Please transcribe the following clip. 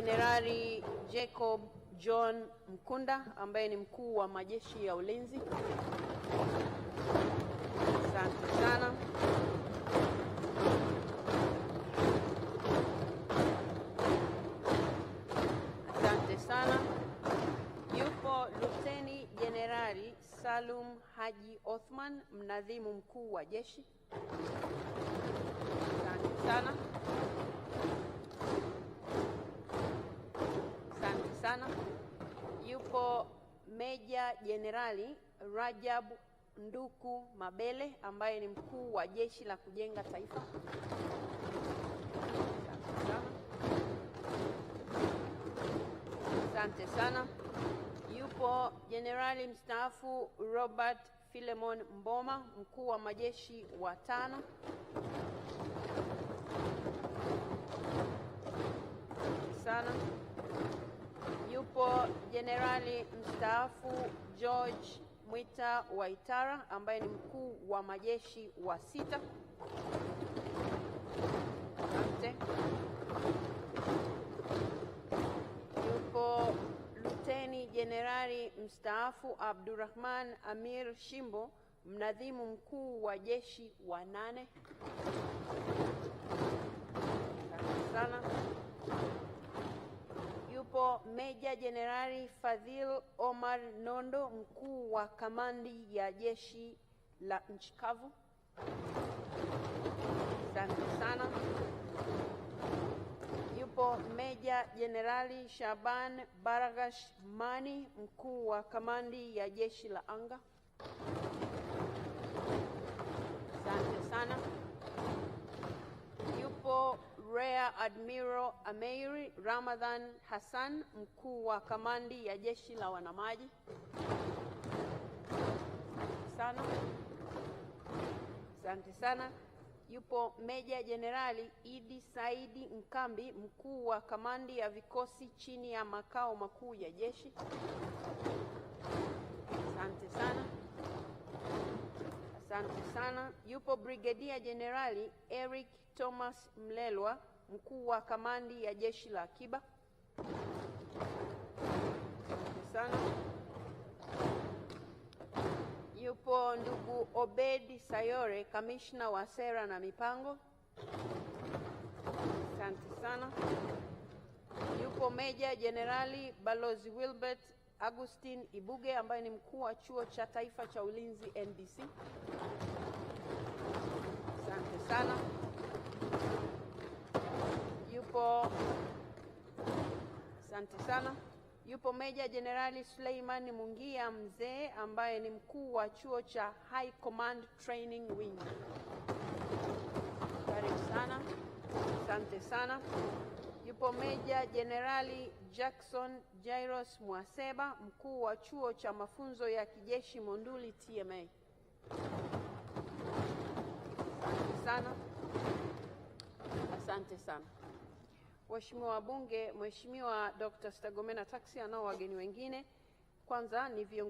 Jenerali Jacob John Mkunda ambaye ni mkuu wa majeshi ya ulinzi. Asante sana. Asante sana. Yupo Luteni Jenerali Salum Haji Othman, mnadhimu mkuu wa jeshi. Asante sana. yuko Meja Jenerali Rajab Nduku Mabele ambaye ni mkuu wa Jeshi la Kujenga Taifa. Asante sana. Yupo Jenerali mstaafu Robert Philemon Mboma, mkuu wa majeshi wa tano. Sana. Jenerali mstaafu George Mwita Waitara ambaye ni mkuu wa majeshi wa sita. Asante. Yupo Luteni Jenerali mstaafu Abdurrahman Amir Shimbo, mnadhimu mkuu wa jeshi wa nane. Meja Jenerali Fadhil Omar Nondo, mkuu wa kamandi ya jeshi la nchi kavu. Asante sana. Yupo Meja Jenerali Shaban Baragash Mani, mkuu wa kamandi ya jeshi la anga. Admiral Ameir Ramadan Hassan, mkuu wa kamandi ya jeshi la wanamaji sana. Asante sana. Yupo Meja Jenerali Idi Saidi Mkambi, mkuu wa kamandi ya vikosi chini ya makao makuu ya jeshi. Asante sana. Asante sana. Yupo Brigedia Jenerali Eric Thomas Mlelwa, mkuu wa kamandi ya jeshi la akiba. Asante sana. Yupo ndugu Obed Sayore, kamishna wa sera na mipango. Asante sana. Yupo Meja Jenerali Balozi Wilbert Augustine Ibuge ambaye ni mkuu wa Chuo cha Taifa cha Ulinzi NBC. Asante sana. Yupo asante sana. Yupo Meja Jenerali suleiman Mungia Mzee ambaye ni mkuu wa Chuo cha High Command Training Wing. Karibu sana. Asante sana yupo Meja Jenerali Jackson jairos Mwaseba, mkuu wa chuo cha mafunzo ya kijeshi Monduli TMA. Asante sana, asante sana waheshimiwa wabunge. Mheshimiwa Dr. stagomena taxi anao wageni wengine, kwanza ni viongozi